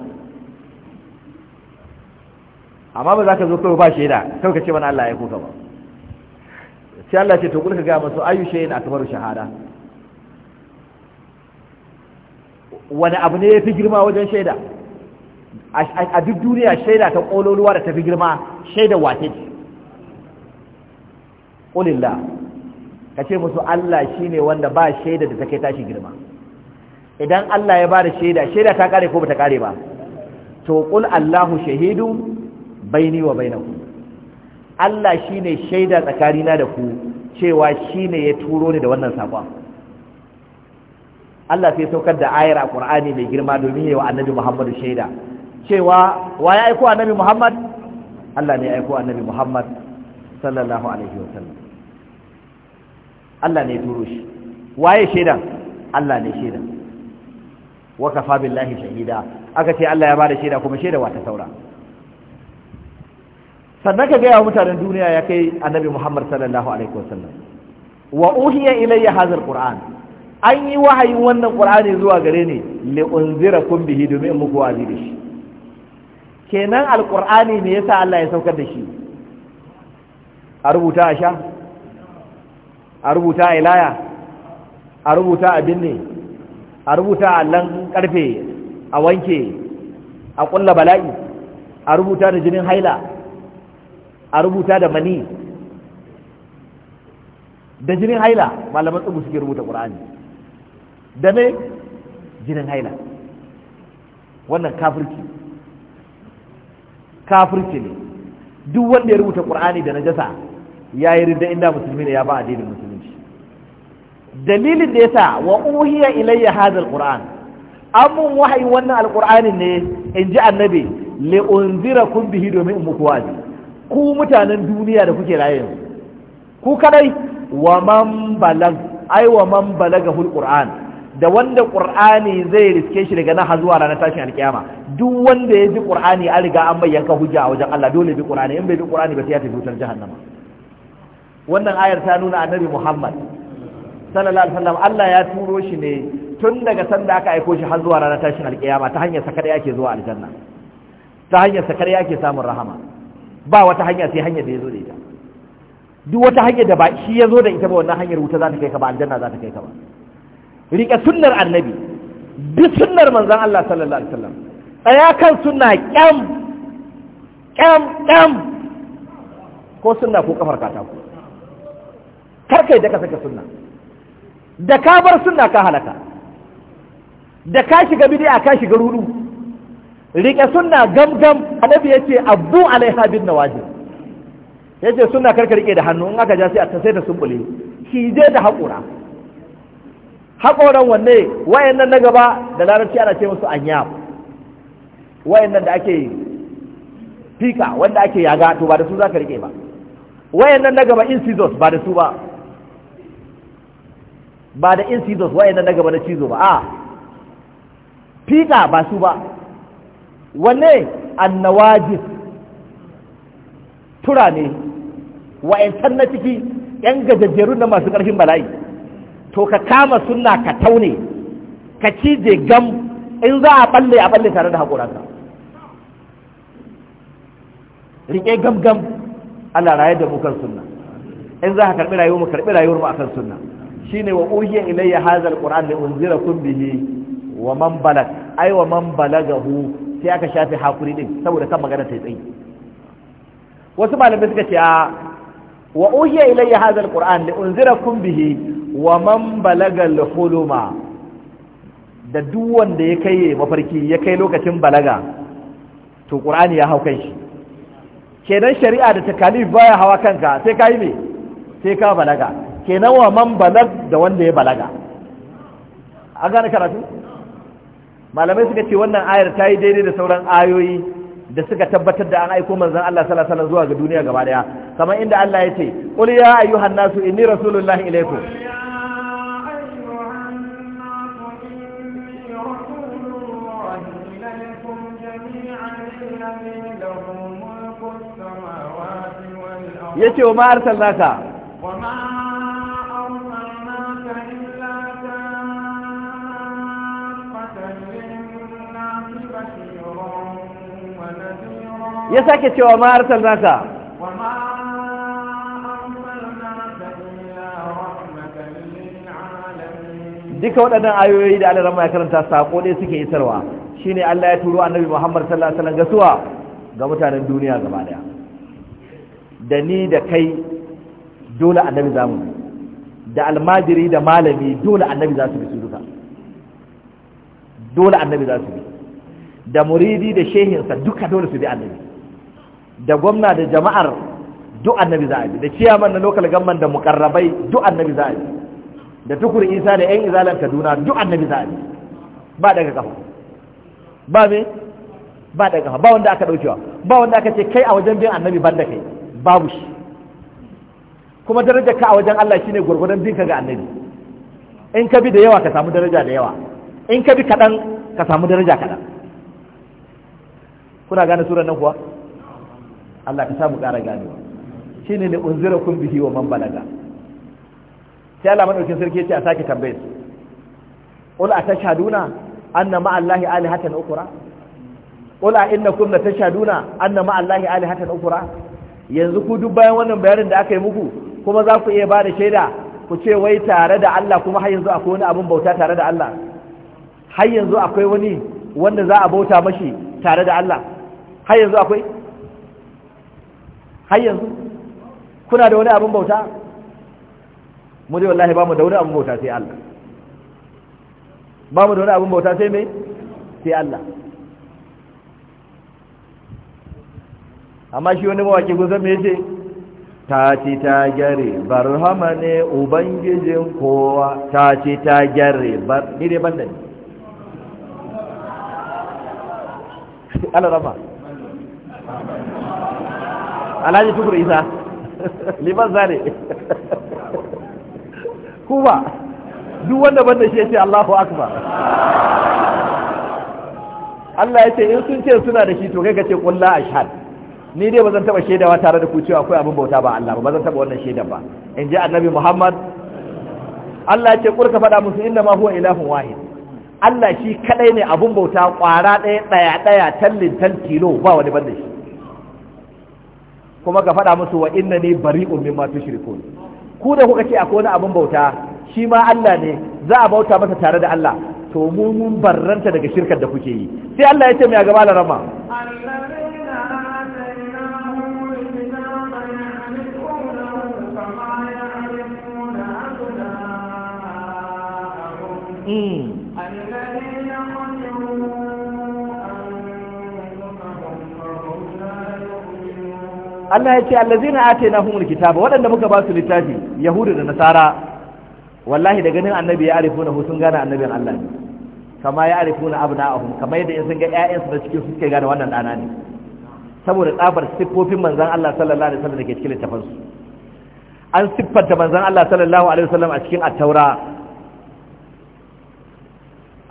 amma ba za ka zo kawai ba shaida kawai ka ce mana Allah ya aiko ka ba sai Allah ce to kulka ga masu ayu na akbaru shahada wani abu ne ya fi girma wajen shaida a duk duniya shaida ta ƙololuwa da ta fi girma shaida wace ce ƙulillah ka ce musu Allah shi ne wanda ba shaida da ta kai tashi girma idan Allah ya ba da shaida shaida ta kare ko ba ta kare ba to ƙul Allahu shahidu baini wa bainakum Allah shi ne shaida tsakanina da ku cewa shi ne ya turo ni da wannan sakon. Allah sai saukar da ayar a Qur'ani mai girma domin yayi wa Annabi Muhammad shaida cewa wa ya aiko Annabi Muhammad Allah ne ya aiko Annabi Muhammad sallallahu alaihi wa sallam Allah ne ya turo shi waye shaidan Allah ne shaidan wa kafa billahi shahida aka ce Allah ya bada shaida kuma shaida wa ta saura sannan ka gaya wa mutanen duniya ya kai annabi Muhammad sallallahu alaihi wa sallam wa uhiya ilayya hadha alquran an yi wahayin wannan qur'ani zuwa gare ni li kun bihi domin muku wa'azi da shi kenan alqur'ani ne yasa Allah ya saukar da shi a rubuta a sha a rubuta a ilaya a rubuta a binne a rubuta a lan karfe a wanke a kulla bala'i a rubuta da jinin haila a rubuta da mani da jinin haila malaman tsibu suke rubuta ƙur'ani da me jinin haila wannan kafirci kafirci ne duk wanda ya rubuta qur'ani da najasa yi rida inda musulmi ne ya ba addinin musulunci dalilin da yasa wa uhiya ilayya hadha alquran amun wahayi wannan alqur'anin ne in ji annabi li kun bihi domin muku wazi ku mutanen duniya da kuke raye ku kadai wa man balag ai wa man balaga alquran da wanda qur'ani zai riske shi daga naha zuwa ranar tashin alkiyama duk wanda ya bi qur'ani an riga an bayyanka hujja a wajen Allah dole bi qur'ani in bai bi qur'ani ba sai ya tafi wutar jahannama wannan ayar ta nuna annabi Muhammad sallallahu alaihi wasallam Allah ya turo shi ne tun daga sanda aka aiko shi har zuwa ranar tashin alkiyama ta hanyar sa yake zuwa aljanna ta hanyar sa yake samun rahama ba wata hanya sai hanyar da ya zo da ita duk wata hanyar da ba shi ya zo da ita ba wannan hanyar wuta za ta kai ka ba aljanna za ta kai ka ba riƙe sunnar annabi duk sunnar manzan Allah sallallahu alaihi wasallam tsaya kan sunna ƙyam ƙyam ƙyam ko sunna ko kafar katako karkai da ka saka sunna da ka bar sunna ka halaka da ka shiga bid'a ka shiga rudu riƙe sunna gam gam annabi yace abu alaiha bin Ya yace sunna karka riƙe da hannu in aka ja sai a sai da sumbuli. shi je da haƙura haƙoran wanne wayannan na gaba da larabci ana ce musu wayan wayannan da ake fika wanda ake yaga to ba da su za ka rike ba wayannan na gaba incisors ba da su ba ba da incisors wayannan na gaba na cizo ba a fika ba su ba wanne annawajis tura ne can na ciki yan gajajjeru na masu ƙarfin bala'i to ka kama sunna ka taune ka cije gam in za a balle a balle tare da haƙoranka riƙe gam gam Allah raye da mu kan sunna in za ka karɓi rayuwar mu karɓi rayuwar mu akan sunna shine wa uhiya ilayya hadha alquran li unzirakum bihi wa man balag ay wa man balagahu sai aka shafe hakuri din saboda kan magana ta tsayi wasu malamai suka ce a wa uhiya ilayya hadha alquran li unzirakum bihi wa man balaga alhuluma da duk wanda ya kai mafarki ya kai lokacin balaga to qur'ani ya haukan shi kenan shari'a da takalif baya hawa kanka sai kai me sai ka balaga kenan wa man balag da wanda ya balaga A gane karatu malamai suka ce wannan ayar ta yi daidai da sauran ayoyi da suka tabbatar da an aiko manzon Allah sallallahu alaihi wasallam zuwa ga duniya gaba daya kamar inda Allah ya ce qul ya ayyuhan nasu inni rasulullahi ilaykum yace wa ma arsalnaka wa ma ya sake cewa ma arsalnaka duka waɗannan ayoyi da Allah ya karanta sako ne suke isarwa shine Allah ya turo Annabi Muhammad sallallahu alaihi wasallam gasuwa ga mutanen duniya gaba daya da ni da kai dole Annabi za mu da almajiri da malami dole Annabi za su bi su duka dole Annabi za su bi da muridi da shehin sa duka dole su bi Annabi da gwamna da jama'ar duk Annabi za a bi da ciyaman na local government da mukarrabai duk Annabi za a bi da tukur isa da yan izalar kaduna duk annabi za a yi ba daga kafa ba me ba daga kafa ba wanda aka daukewa ba wanda aka ce kai a wajen bin annabi ban da kai babu shi kuma darajar ka a wajen Allah shine gurgurdan bin ka ga annabi in ka bi da yawa ka samu daraja da yawa in ka bi kaɗan ka samu daraja kaɗan kuna gane surar nan kuwa Allah ka samu ƙara ganewa shine ne unzirakum kun bihi wa man balaga sai Allah madaukin sarki ya ce a sake tambayar su qul atashhaduna anna ma'a allahi alihatan ukra qul innakum latashhaduna anna ma'a allahi alihatan ukra yanzu ku duk bayan wannan bayanin da aka yi muku kuma za ku iya ba da shaida ku ce wai tare da Allah kuma har yanzu akwai wani abin bauta tare da Allah har yanzu akwai wani wanda za a bauta mashi tare da Allah har yanzu akwai har yanzu kuna da wani abin bauta mu dai wallahi ba mu da wani abin bauta sai Allah ba mu da wani abin bauta sai mai sai Allah amma shi wani mawaki ko san me yace ta ci ta gyare barhama ne ubangijin kowa ta ci ta gyare bar ni dai banda ne <laughs> ala rama alhaji tukur isa <laughs> liban zane <laughs> kuma duk wanda banda shi ce Allahu akbar Allah yace in sun ce suna da shi to kai ka ce qul la ashhad ni dai bazan taba shaidawa tare da ku cewa akwai abin bauta ba Allah ba bazan taba wannan shaidan ba in ji annabi Muhammad Allah yace qul ka faɗa musu inna ma huwa ilahun wahid Allah shi kadai ne abun bauta kwara daya daya daya tallin tantilo ba wani banda shi kuma ka faɗa musu wa inna ni bari'un mimma tushrikun ku da kuka ce akwai wani abin bauta shi ma Allah ne za a bauta masa tare da Allah to mu mun barranta daga shirkar da kuke yi sai Allah ya ce mai gaba rama Mm. Allah ya ce allazina atainahumul kitaba waɗanda muka ba su littafi yahudu da nasara wallahi da ganin annabi ya na sun gane annabin Allah ne kama ya na abna'ahum kama yadda in sun ga ƴaƴansu da cikin suke gane wannan ɗana ne saboda tsabar siffofin manzon Allah sallallahu alaihi wasallam da ke cikin littafin su an siffanta manzon Allah sallallahu alaihi wasallam a cikin at-taura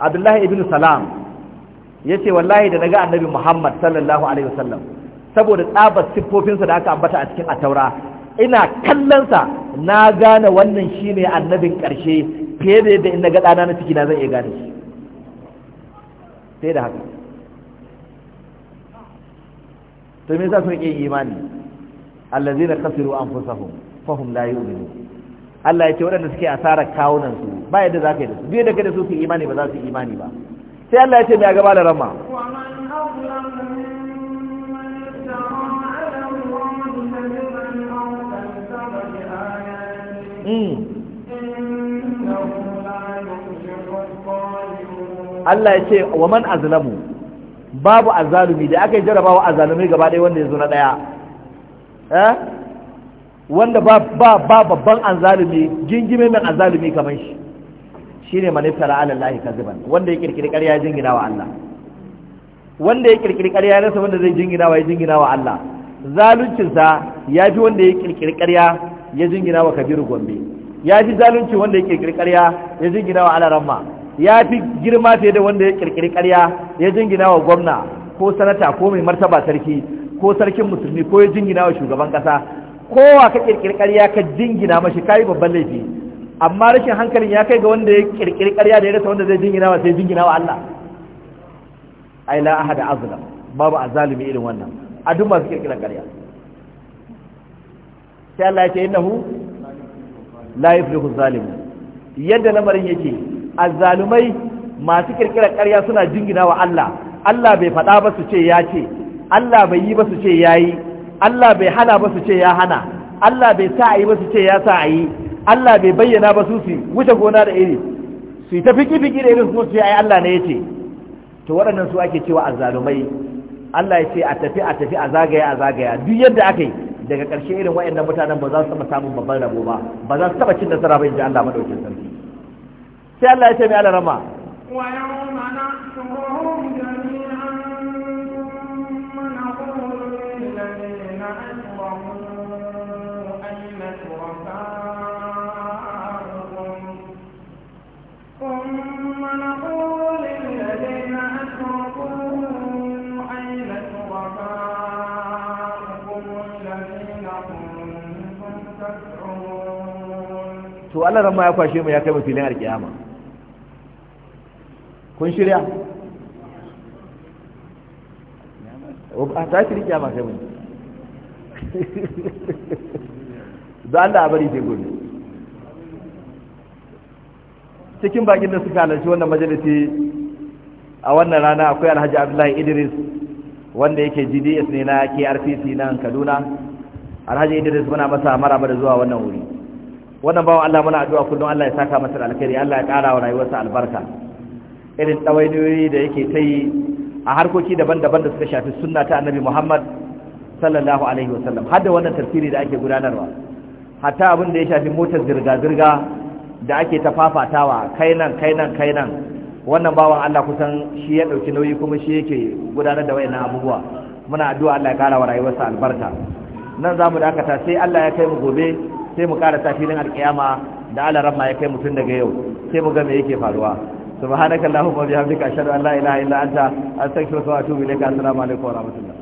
Abdullahi ibn Salam yace wallahi da naga annabi Muhammad sallallahu alaihi wasallam saboda tsabar siffofinsa da aka ambata a cikin ataura ina kallonsa na gane wannan shi ne annabin ƙarshe fiye da yadda in na ga ɗana na ciki na zan iya gane shi sai da haka to me yasa sun ƙi imani na an khasiru anfusahum fahum la yu'minun Allah ya ce waɗanda suke asarar kawunansu ba yadda za ka yi da su biyu da ka da su su imani ba za su imani ba sai Allah ya ce mai gaba da rama Mm. Allah ya ce wa man azlamu babu azalumi da aka yi jarabawa azalumi gaba ɗaya wanda ya zo na ɗaya eh wanda ba ba ba babban azalumi gingime mai azalumi kamar shi shine manifara ala lahi kaziban wanda ya kirkiri ƙarya jingina wa Allah wanda ya kirkiri ƙarya rasa wanda zai jingina wa ya jingina wa Allah zaluncinsa ya fi wanda ya kirkiri ƙarya ya jingina wa kabiru gombe ya fi zalunci wanda ya kirkiri karya ya jingina wa alaramma ya fi girma fiye da wanda ya kirkiri karya ya jingina wa gwamna ko sanata ko mai martaba sarki ko sarkin musulmi ko ya jingina wa shugaban kasa kowa ka kirkiri karya ka jingina mashi kayi babban laifi amma rashin hankalin ya kai ga wanda ya kirkiri karya da ya rasa wanda zai jingina wa sai jingina wa Allah ai la ahada azlam babu azalimi irin wannan a duk masu kirkiri karya sai Allah ya ce innahu la yuflihu zalim yadda lamarin yake azzalumai masu kirkira ƙarya suna jingina wa Allah Allah bai faɗa ba su ce ya ce Allah bai yi ba su ce ya yi Allah bai hana ba su ce ya hana Allah bai sa a yi ba su ce ya sa a yi Allah bai bayyana ba su su wuce gona da iri su yi ta fiki-fiki da irin su ce ai Allah ne ya ce to waɗannan su ake cewa azzalumai Allah ya ce a tafi a tafi a zagaya a zagaya duk yadda aka yi daga ƙarshe irin waɗannan mutanen ba za su taɓa samun babban rabo ba ba za su taɓa cin nasara ba in Allah madaukin sarki sai Allah ya ce mai alarama wa yawma jami'an to Allah ran ma ya kwashe mu ya kai mu filin alkiyama kun shirya ba ta shirya kiyama kai mu da Allah a bari sai gobe cikin bakin da suka halarci wannan majalisi a wannan rana akwai Alhaji Abdullahi Idris wanda yake GDS ne na KRPC nan Kaduna Alhaji Idris muna masa maraba da zuwa wannan wuri wannan bawan Allah muna addu'a kullum Allah ya saka masa alkhairi Allah ya ƙara wa rayuwarsa albarka irin tsawainiyoyi da yake ta yi a harkoki daban-daban da suka shafi sunna ta annabi Muhammad sallallahu alaihi wasallam har da wannan tafsiri da ake gudanarwa hatta abin da ya shafi motar zirga-zirga da ake ta fafatawa kai nan kai nan kai nan wannan bawan Allah kusan shi ya ɗauki nauyi kuma shi yake gudanar da wayannan abubuwa muna addu'a Allah ya ƙara wa rayuwarsa albarka nan zamu dakata sai Allah ya kai mu gobe sai mu karasa filin alkiyama da ala ramma ya kai mutum daga yau sai mu ga me yake faruwa subhanakallahumma wa bihamdika ashhadu an la ilaha illa anta astaghfiruka wa atubu ilayka assalamu alaikum wa rahmatullah